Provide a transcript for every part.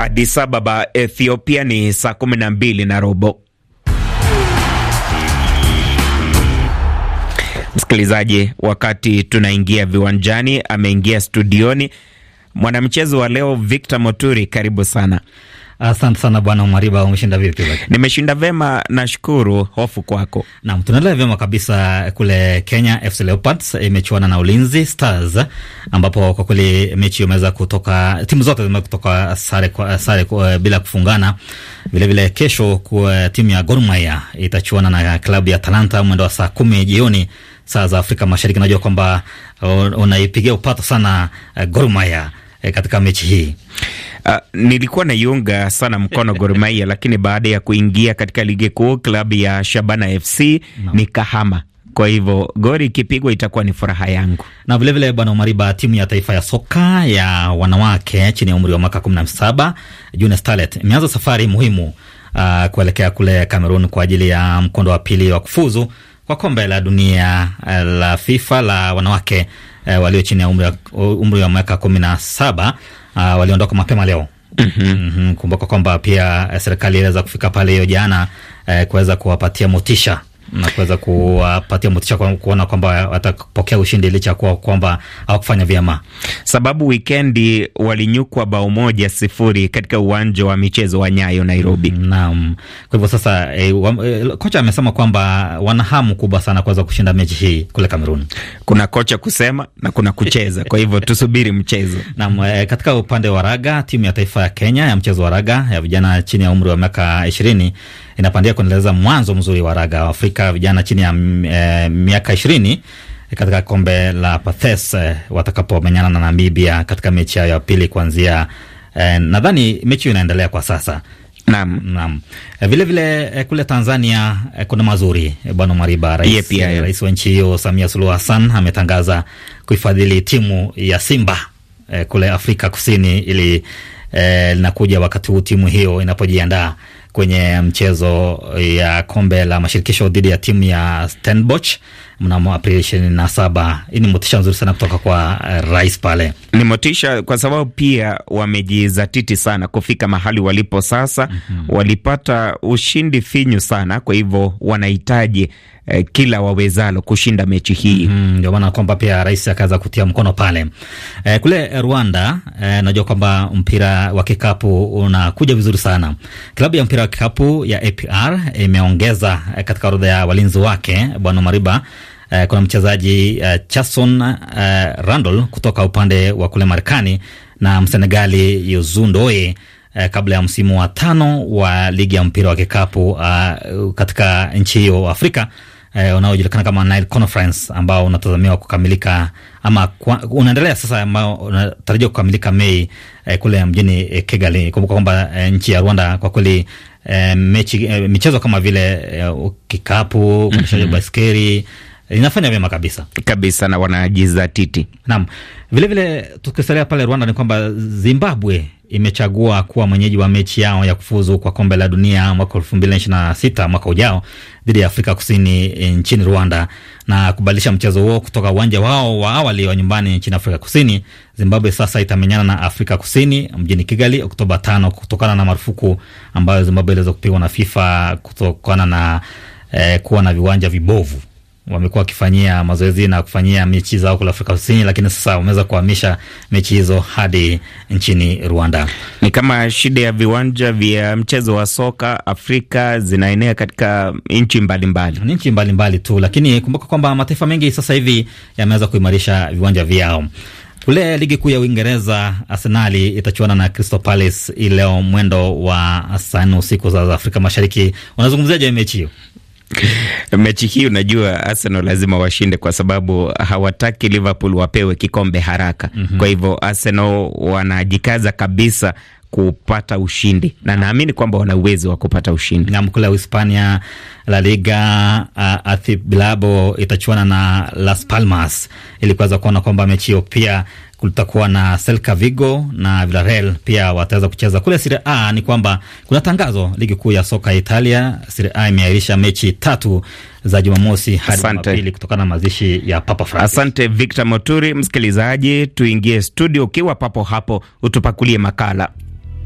Addis Ababa, Ethiopia ni saa kumi na mbili na robo. Msikilizaji, wakati tunaingia viwanjani, ameingia studioni mwanamchezo wa leo Victor Moturi, karibu sana. Asante sana Bwana Mwariba, umeshinda vipi? Nimeshinda vema, nashukuru. Hofu kwako. Naam, tunaendelea vyema kabisa. Kule Kenya, FC Leopards imechuana na Ulinzi Stars, ambapo kwa kweli mechi imeweza kutoka, timu zote zimeweza kutoka sare kwa sare kwa, bila kufungana. Vilevile kesho kwa timu ya Gor Mahia itachuana na klabu ya Talanta mwendo wa saa kumi jioni saa za Afrika Mashariki. Najua kwamba uh, unaipigia upato sana uh, Gor Mahia eh, katika mechi hii Uh, nilikuwa naiunga sana mkono Gor Mahia lakini baada ya kuingia katika ligi kuu klabu ya Shabana FC no. ni kahama kwa hivyo gori ikipigwa itakuwa ni furaha yangu. Na vilevile, Bwana Umariba, timu ya taifa ya soka ya wanawake chini ya umri wa mwaka kumi na saba Junior Starlet imeanza safari muhimu uh, kuelekea kule Cameroon kwa ajili ya mkondo wa pili wa kufuzu kwa kombe la dunia eh, la FIFA la wanawake uh, walio chini ya umri wa miaka kumi na saba uh, waliondoka mapema leo. Mm -hmm. Mm -hmm. Kumbuka kwamba pia eh, serikali iliweza kufika pale hiyo jana eh, kuweza kuwapatia motisha na kuweza kuwapatia motisha kwa kuona kwamba watapokea ushindi licha kuwa kwamba hawakufanya vyema, sababu wikendi walinyukwa bao moja sifuri katika uwanja wa michezo wa Nyayo Nairobi. Naam, kwa hivyo sasa e, wa, e, kocha amesema kwamba wana hamu kubwa sana kuweza kushinda mechi hii kule Kamerun. Kuna kocha kusema na kuna kucheza, kwa hivyo tusubiri mchezo. Naam, e, katika upande wa raga timu ya taifa ya Kenya ya mchezo wa raga ya vijana chini ya umri wa miaka ishirini inapandia kuendeleza mwanzo mzuri wa raga wa Afrika vijana chini ya e, miaka ishirini eh, katika kombe la Pathes e, eh, watakapomenyana na Namibia katika mechi yao ya pili kuanzia eh, nadhani mechi hiyo inaendelea kwa sasa. Naam, naam. Vile vile kule Tanzania kuna mazuri. Bwana Mariba, rais, yep, yeah. Rais wa nchi hiyo Samia Suluhu Hassan ametangaza kuifadhili timu ya Simba kule Afrika Kusini ili linakuja wakati huu timu hiyo inapojiandaa kwenye mchezo ya kombe la mashirikisho dhidi ya timu ya Stellenbosch mnamo Aprili ishirini na saba. Hii ni motisha nzuri sana kutoka kwa uh, rais pale. Ni motisha kwa sababu pia wamejizatiti sana kufika mahali walipo sasa. mm -hmm. Walipata ushindi finyu sana, kwa hivyo wanahitaji eh, kila wawezalo kushinda mechi hii. Mhm, ndio maana mm kwamba pia rais akaweza kutia mkono pale e, kule Rwanda. E, najua kwamba mpira wa kikapu unakuja vizuri sana. Klabu ya mpira wa kikapu ya APR imeongeza e, katika orodha ya walinzi wake Bwana Mariba eh, kuna mchezaji eh, Chason eh, Randall kutoka upande wa kule Marekani na Msenegali Youssou Ndoye uh, eh, kabla ya msimu wa tano wa ligi ya mpira wa kikapu eh, katika nchi hiyo Afrika eh, unaojulikana kama Nile Conference ambao unatazamiwa kukamilika ama kwa, unaendelea sasa ambao unatarajia kukamilika Mei eh, kule mjini eh, Kigali. Kumbuka kwamba eh, nchi ya Rwanda kwa kweli eh, mechi eh, michezo kama vile eh, kikapu, mm -hmm. baiskeli linafanya vyema kabisa kabisa na wanajizatiti. Naam, vilevile tukisalia pale Rwanda ni kwamba Zimbabwe imechagua kuwa mwenyeji wa mechi yao ya kufuzu kwa kombe la dunia mwaka elfu mbili na ishirini na sita mwaka ujao dhidi ya Afrika Kusini eh, nchini Rwanda na kubadilisha mchezo huo kutoka uwanja wao wa awali wa nyumbani nchini Afrika Kusini. Zimbabwe sasa itamenyana na Afrika Kusini mjini Kigali Oktoba tano kutokana na marufuku ambayo Zimbabwe iliweza kupigwa na FIFA kutokana na eh, kuwa na viwanja vibovu wamekuwa wakifanyia mazoezi na kufanyia mechi zao kule Afrika Kusini, lakini sasa wameweza kuhamisha mechi hizo hadi nchini Rwanda. Ni kama shida ya viwanja vya mchezo wa soka Afrika zinaenea katika nchi mbalimbali, ni nchi mbalimbali tu, lakini kumbuka kwamba mataifa mengi sasa hivi yameweza kuimarisha viwanja vyao. Kule ligi kuu ya Uingereza, Arsenal itachuana na Crystal Palace ileo mwendo wa saa nne usiku za Afrika Mashariki. Unazungumziaje mechi hiyo? Mechi hii unajua, Arsenal lazima washinde kwa sababu hawataki Liverpool wapewe kikombe haraka. mm -hmm. Kwa hivyo Arsenal wanajikaza kabisa kupata ushindi na naamini kwamba wana uwezo wa kupata ushindi. Na mkula wa Hispania La Liga uh, Athletic Bilbao itachuana na Las Palmas ili kuweza kuona kwamba mechi hiyo pia kutakuwa na Celta Vigo na Villarreal pia wataweza kucheza. Kule Serie A ni kwamba kuna tangazo, ligi kuu ya soka ya Italia Serie A imeahirisha mechi tatu za Jumamosi hadi Jumapili kutokana na mazishi ya Papa Francis. Asante Victor Moturi. Msikilizaji, tuingie studio, ukiwa papo hapo utupakulie makala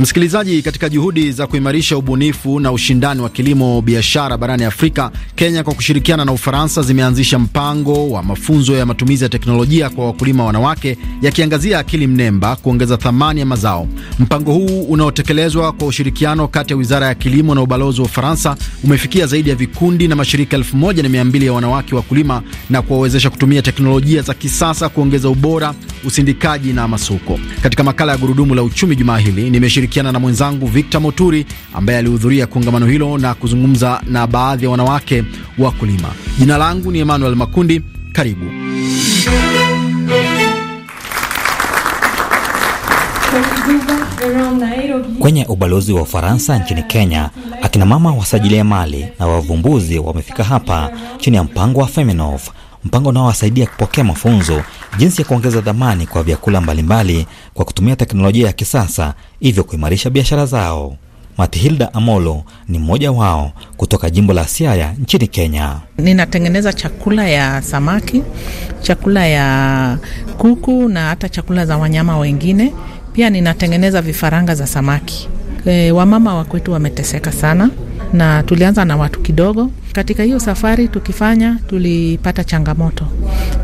Msikilizaji, katika juhudi za kuimarisha ubunifu na ushindani wa kilimo biashara barani Afrika, Kenya kwa kushirikiana na Ufaransa zimeanzisha mpango wa mafunzo ya matumizi ya teknolojia kwa wakulima wanawake, yakiangazia akili mnemba kuongeza thamani ya mazao. Mpango huu unaotekelezwa kwa ushirikiano kati ya wizara ya kilimo na ubalozi wa Ufaransa umefikia zaidi ya vikundi na mashirika elfu moja na mia mbili ya wanawake wakulima na kuwawezesha kutumia teknolojia za kisasa kuongeza ubora, usindikaji na masoko. Katika makala ya gurudumu la uchumi jumaa hili nimeshiriki kushirikiana na mwenzangu Victor Moturi ambaye alihudhuria kongamano hilo na kuzungumza na baadhi ya wanawake wakulima. Jina langu ni Emmanuel Makundi, karibu. Kwenye ubalozi wa Ufaransa nchini Kenya, akinamama wasajilia mali na wavumbuzi wamefika hapa chini ya mpango wa Feminov, mpango unaowasaidia kupokea mafunzo jinsi ya kuongeza dhamani kwa vyakula mbalimbali kwa kutumia teknolojia ya kisasa, hivyo kuimarisha biashara zao. Mathilda Amolo ni mmoja wao kutoka jimbo la Siaya nchini Kenya. Ninatengeneza chakula ya samaki, chakula ya kuku na hata chakula za wanyama wengine. Pia ninatengeneza vifaranga za samaki. E, wamama wa kwetu wameteseka sana, na tulianza na watu kidogo, katika hiyo safari tukifanya, tulipata changamoto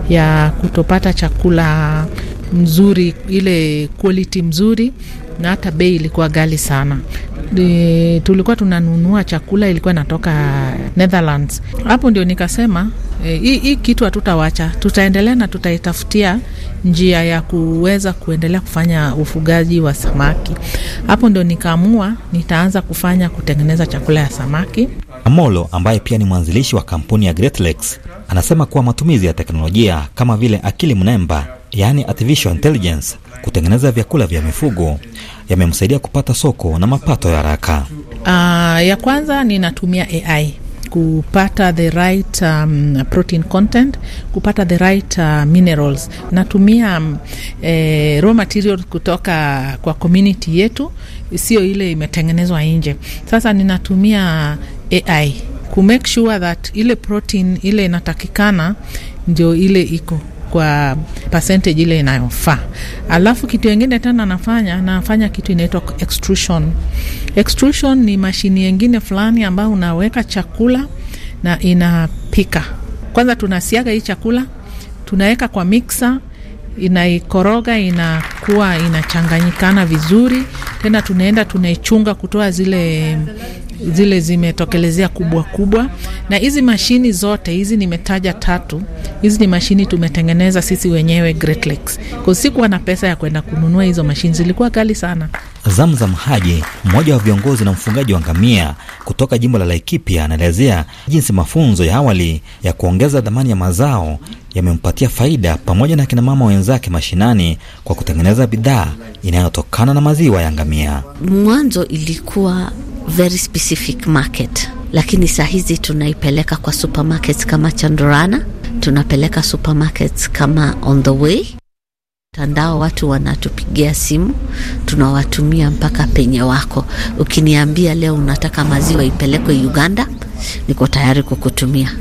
ya kutopata chakula mzuri, ile quality mzuri, na hata bei ilikuwa ghali sana. E, tulikuwa tunanunua chakula ilikuwa inatoka Netherlands. Hapo ndio nikasema e, hii e, kitu hatutawacha, tutaendelea na tutaitafutia njia ya kuweza kuendelea kufanya ufugaji wa samaki. Hapo ndio nikaamua nitaanza kufanya kutengeneza chakula ya samaki. Amolo ambaye pia ni mwanzilishi wa kampuni ya Lakes anasema kuwa matumizi ya teknolojia kama vile akili mnemba, yaani artificial intelligence, kutengeneza vyakula vya mifugo yamemsaidia kupata soko na mapato ya haraka. Uh, ya kwanza ninatumia AI kupata the right um, protein content, kupata the right uh, minerals. Natumia um, eh, raw material kutoka kwa community yetu, sio ile imetengenezwa nje. Sasa ninatumia AI kumake sure that ile protein ile inatakikana ndio ile iko kwa percentage ile inayofaa. Alafu kitu ingine tena anafanya anafanya kitu inaitwa extrusion. Extrusion ni mashini nyingine fulani ambayo unaweka chakula na inapika. Kwanza tunasiaga hii chakula, tunaweka kwa mixer, inaikoroga inakuwa inachanganyikana vizuri, tena tunaenda tunaichunga kutoa zile zile zimetokelezea kubwa kubwa, na hizi mashini zote hizi nimetaja tatu, hizi ni mashini tumetengeneza sisi wenyewe Great Lakes, kwa sikuwa na pesa ya kwenda kununua hizo mashini, zilikuwa kali sana. Zamzam Haji, mmoja wa viongozi na mfungaji wa ngamia kutoka jimbo la Laikipia, anaelezea jinsi mafunzo ya awali ya kuongeza dhamani ya mazao yamempatia faida pamoja na akinamama wenzake mashinani kwa kutengeneza bidhaa inayotokana na maziwa ya ngamia. Mwanzo ilikuwa very specific market, lakini saa hizi tunaipeleka kwa supermarkets kama Chandarana, tunapeleka supermarkets kama On the Way. Mtandao watu wanatupigia simu, tunawatumia mpaka penye wako. Ukiniambia leo unataka maziwa ipelekwe Uganda, niko tayari kukutumia.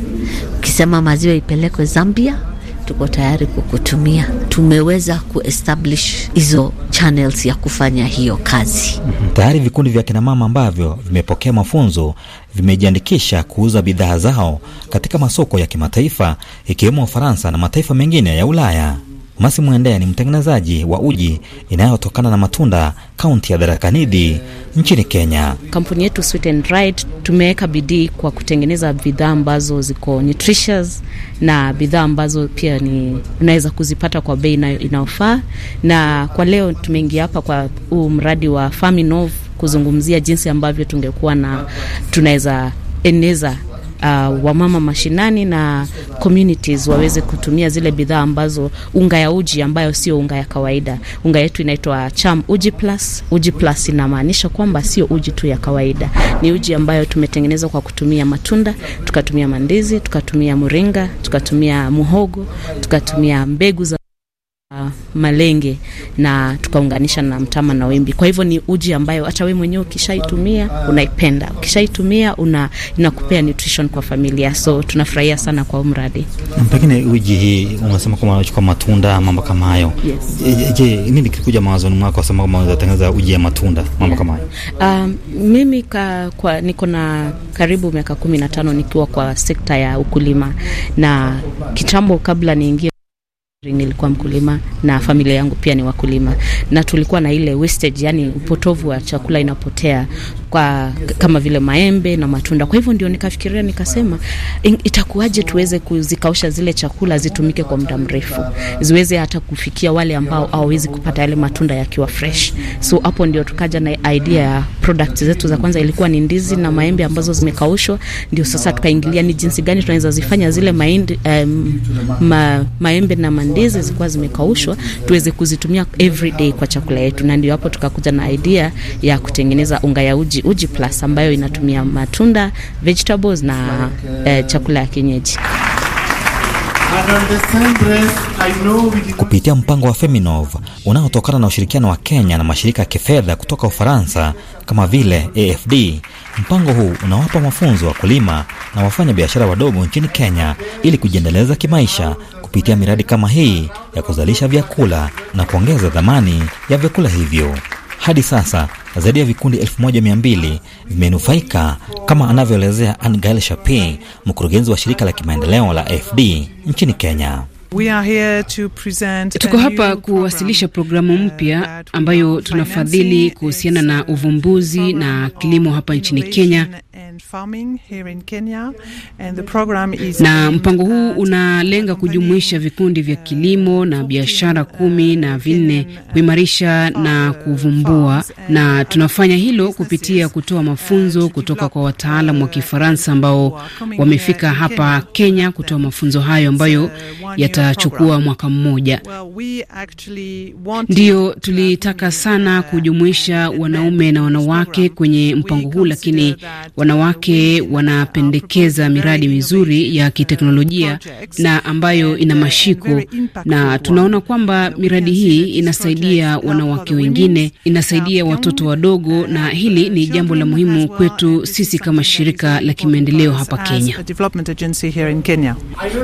Ukisema maziwa ipelekwe Zambia, tuko tayari kukutumia. Tumeweza kuestablish hizo channels ya kufanya hiyo kazi. Mhm. Tayari vikundi vya kinamama ambavyo vimepokea mafunzo vimejiandikisha kuuza bidhaa zao katika masoko ya kimataifa ikiwemo Ufaransa na mataifa mengine ya Ulaya. Masi Mwendee ni mtengenezaji wa uji inayotokana na matunda kaunti ya Tharaka Nithi nchini Kenya. Kampuni yetu Sweet and Right tumeweka bidii kwa kutengeneza bidhaa ambazo ziko nutritious na bidhaa ambazo pia ni unaweza kuzipata kwa bei inayofaa, na kwa leo tumeingia hapa kwa huu mradi wa Farminov kuzungumzia jinsi ambavyo tungekuwa na tunaweza eneza uh, wamama mashinani na communities waweze kutumia zile bidhaa ambazo unga ya uji ambayo sio unga ya kawaida. Unga yetu inaitwa Cham Uji Plus. Uji Plus inamaanisha kwamba sio uji tu ya kawaida, ni uji ambayo tumetengenezwa kwa kutumia matunda, tukatumia mandizi, tukatumia muringa, tukatumia muhogo, tukatumia mbegu za Uh, malenge na tukaunganisha na mtama na wimbi. Kwa hivyo ni uji ambayo hata wewe mwenyewe ukishaitumia unaipenda, ukishaitumia una inakupea nutrition kwa familia, so tunafurahia sana kwa mradi. Pengine uji hii unasema kama unachukua matunda, mambo kama hayo. Yes. Je, nini kilikuja mawazoni mwako unasema kama unatengeneza uji ya matunda, mambo kama hayo? Um, mimi ka, kwa niko na karibu miaka 15 nikiwa kwa sekta ya ukulima na kitambo kabla niingie Nilikuwa mkulima na familia yangu pia ni wakulima, na tulikuwa na ile wastage, yani upotovu wa chakula inapotea kwa kama vile maembe na matunda. Kwa hivyo ndio nikafikiria nikasema, itakuwaje tuweze kuzikausha zile chakula zitumike kwa muda mrefu, ziweze hata kufikia wale ambao hawawezi kupata yale matunda yakiwa fresh. So hapo ndio tukaja na idea ya product zetu. Za kwanza ilikuwa ni ndizi na maembe ambazo zimekaushwa, ndio sasa tukaingilia ni jinsi gani tunaweza zifanya zile maindi, um, ma, maembe na mandizi zikuwa zimekaushwa tuweze kuzitumia everyday kwa chakula yetu, na ndio hapo tukakuja na idea ya kutengeneza unga ya uji uji, uji plus ambayo inatumia matunda vegetables na eh, chakula ya kienyeji. Kupitia mpango wa Feminov unaotokana na ushirikiano wa Kenya na mashirika ya kifedha kutoka Ufaransa kama vile AFD, mpango huu unawapa mafunzo wakulima na wafanya biashara wadogo nchini Kenya ili kujiendeleza kimaisha kupitia miradi kama hii ya kuzalisha vyakula na kuongeza dhamani ya vyakula hivyo. Hadi sasa zaidi ya vikundi 1200 vimenufaika, kama anavyoelezea Angel Shapi, mkurugenzi wa shirika la kimaendeleo la AFD nchini Kenya. tuko hapa kuwasilisha programu uh, mpya ambayo tunafadhili kuhusiana na uvumbuzi na kilimo hapa nchini Kenya na mpango huu unalenga kujumuisha vikundi vya kilimo na biashara kumi na vinne kuimarisha na kuvumbua, na tunafanya hilo kupitia kutoa mafunzo kutoka kwa wataalam wa Kifaransa ambao wamefika hapa Kenya kutoa mafunzo hayo ambayo uh, yatachukua mwaka mmoja. Ndiyo, tulitaka sana uh, kujumuisha wanaume na wanawake kwenye mpango huu, lakini wanawake wanapendekeza miradi mizuri ya kiteknolojia na ambayo ina mashiko, na tunaona kwamba miradi hii inasaidia wanawake wengine, inasaidia watoto wadogo, na hili ni jambo la muhimu kwetu sisi kama shirika la kimaendeleo hapa Kenya.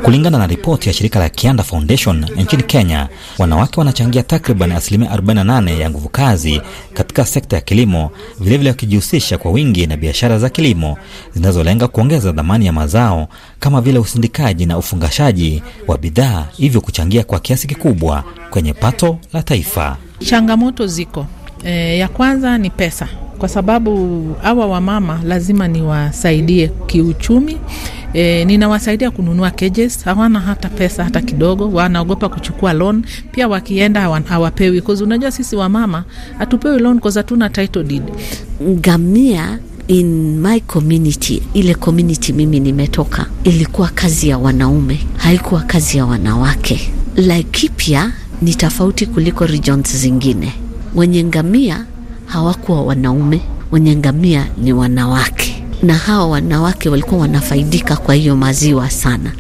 Kulingana na ripoti ya shirika la Kianda Foundation nchini Kenya, wanawake wanachangia takriban asilimia 48 ya nguvu kazi katika sekta ya kilimo, vilevile wakijihusisha kwa wingi na biashara za kilimo kilimo zinazolenga kuongeza dhamani ya mazao kama vile usindikaji na ufungashaji wa bidhaa, hivyo kuchangia kwa kiasi kikubwa kwenye pato la taifa. Changamoto ziko e, ya kwanza ni pesa, kwa sababu hawa wamama lazima niwasaidie kiuchumi. E, ninawasaidia kununua cages, hawana hata pesa hata kidogo, wanaogopa kuchukua loan. Pia wakienda hawapewi, cause unajua sisi wamama hatupewi loan cause hatuna title deed. Ngamia in my community, ile community mimi nimetoka, ilikuwa kazi ya wanaume, haikuwa kazi ya wanawake. Laikipia ni tofauti kuliko regions zingine. Wenye ngamia hawakuwa wanaume, wenye ngamia ni wanawake, na hawa wanawake walikuwa wanafaidika kwa hiyo maziwa sana.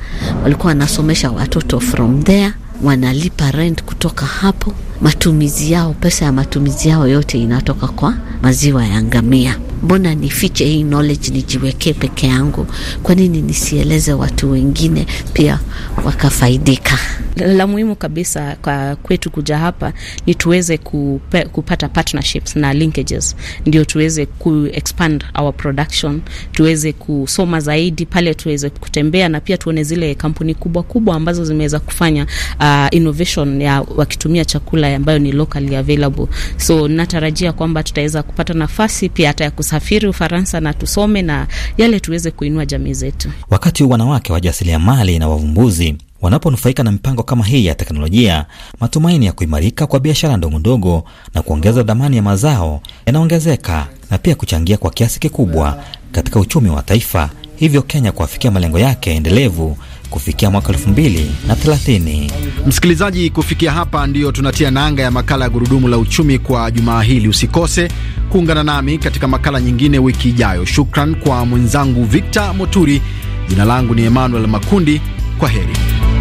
Walikuwa wanasomesha watoto from there, wanalipa rent kutoka hapo, matumizi yao, pesa ya matumizi yao yote inatoka kwa maziwa ya ngamia mbona nifiche hii knowledge nijiwekee peke yangu? Kwa nini nisieleze watu wengine pia wakafaidika? La muhimu kabisa kwa kwetu kuja hapa ni tuweze kupe, kupata partnerships na linkages, ndio tuweze ku expand our production, tuweze kusoma zaidi pale, tuweze kutembea na pia tuone zile kampuni kubwa kubwa ambazo zimeweza kufanya uh, innovation ya wakitumia chakula ambayo ni locally available. So natarajia kwamba tutaweza kupata nafasi pia hata ya kus tusafiri Ufaransa na tusome na yale tuweze kuinua jamii zetu. Wakati wanawake wajasiriamali na wavumbuzi wanaponufaika na mipango kama hii ya teknolojia, matumaini ya kuimarika kwa biashara ndogondogo na kuongeza dhamani ya mazao yanaongezeka na pia kuchangia kwa kiasi kikubwa katika uchumi wa taifa, hivyo Kenya kuafikia malengo yake endelevu kufikia mwaka thelathini. Msikilizaji, kufikia hapa ndiyo tunatia nanga ya makala ya gurudumu la uchumi kwa jumaa hili. Usikose kuungana nami katika makala nyingine wiki ijayo. Shukran kwa mwenzangu Victor Moturi. Jina langu ni Emmanuel Makundi. Kwa heri.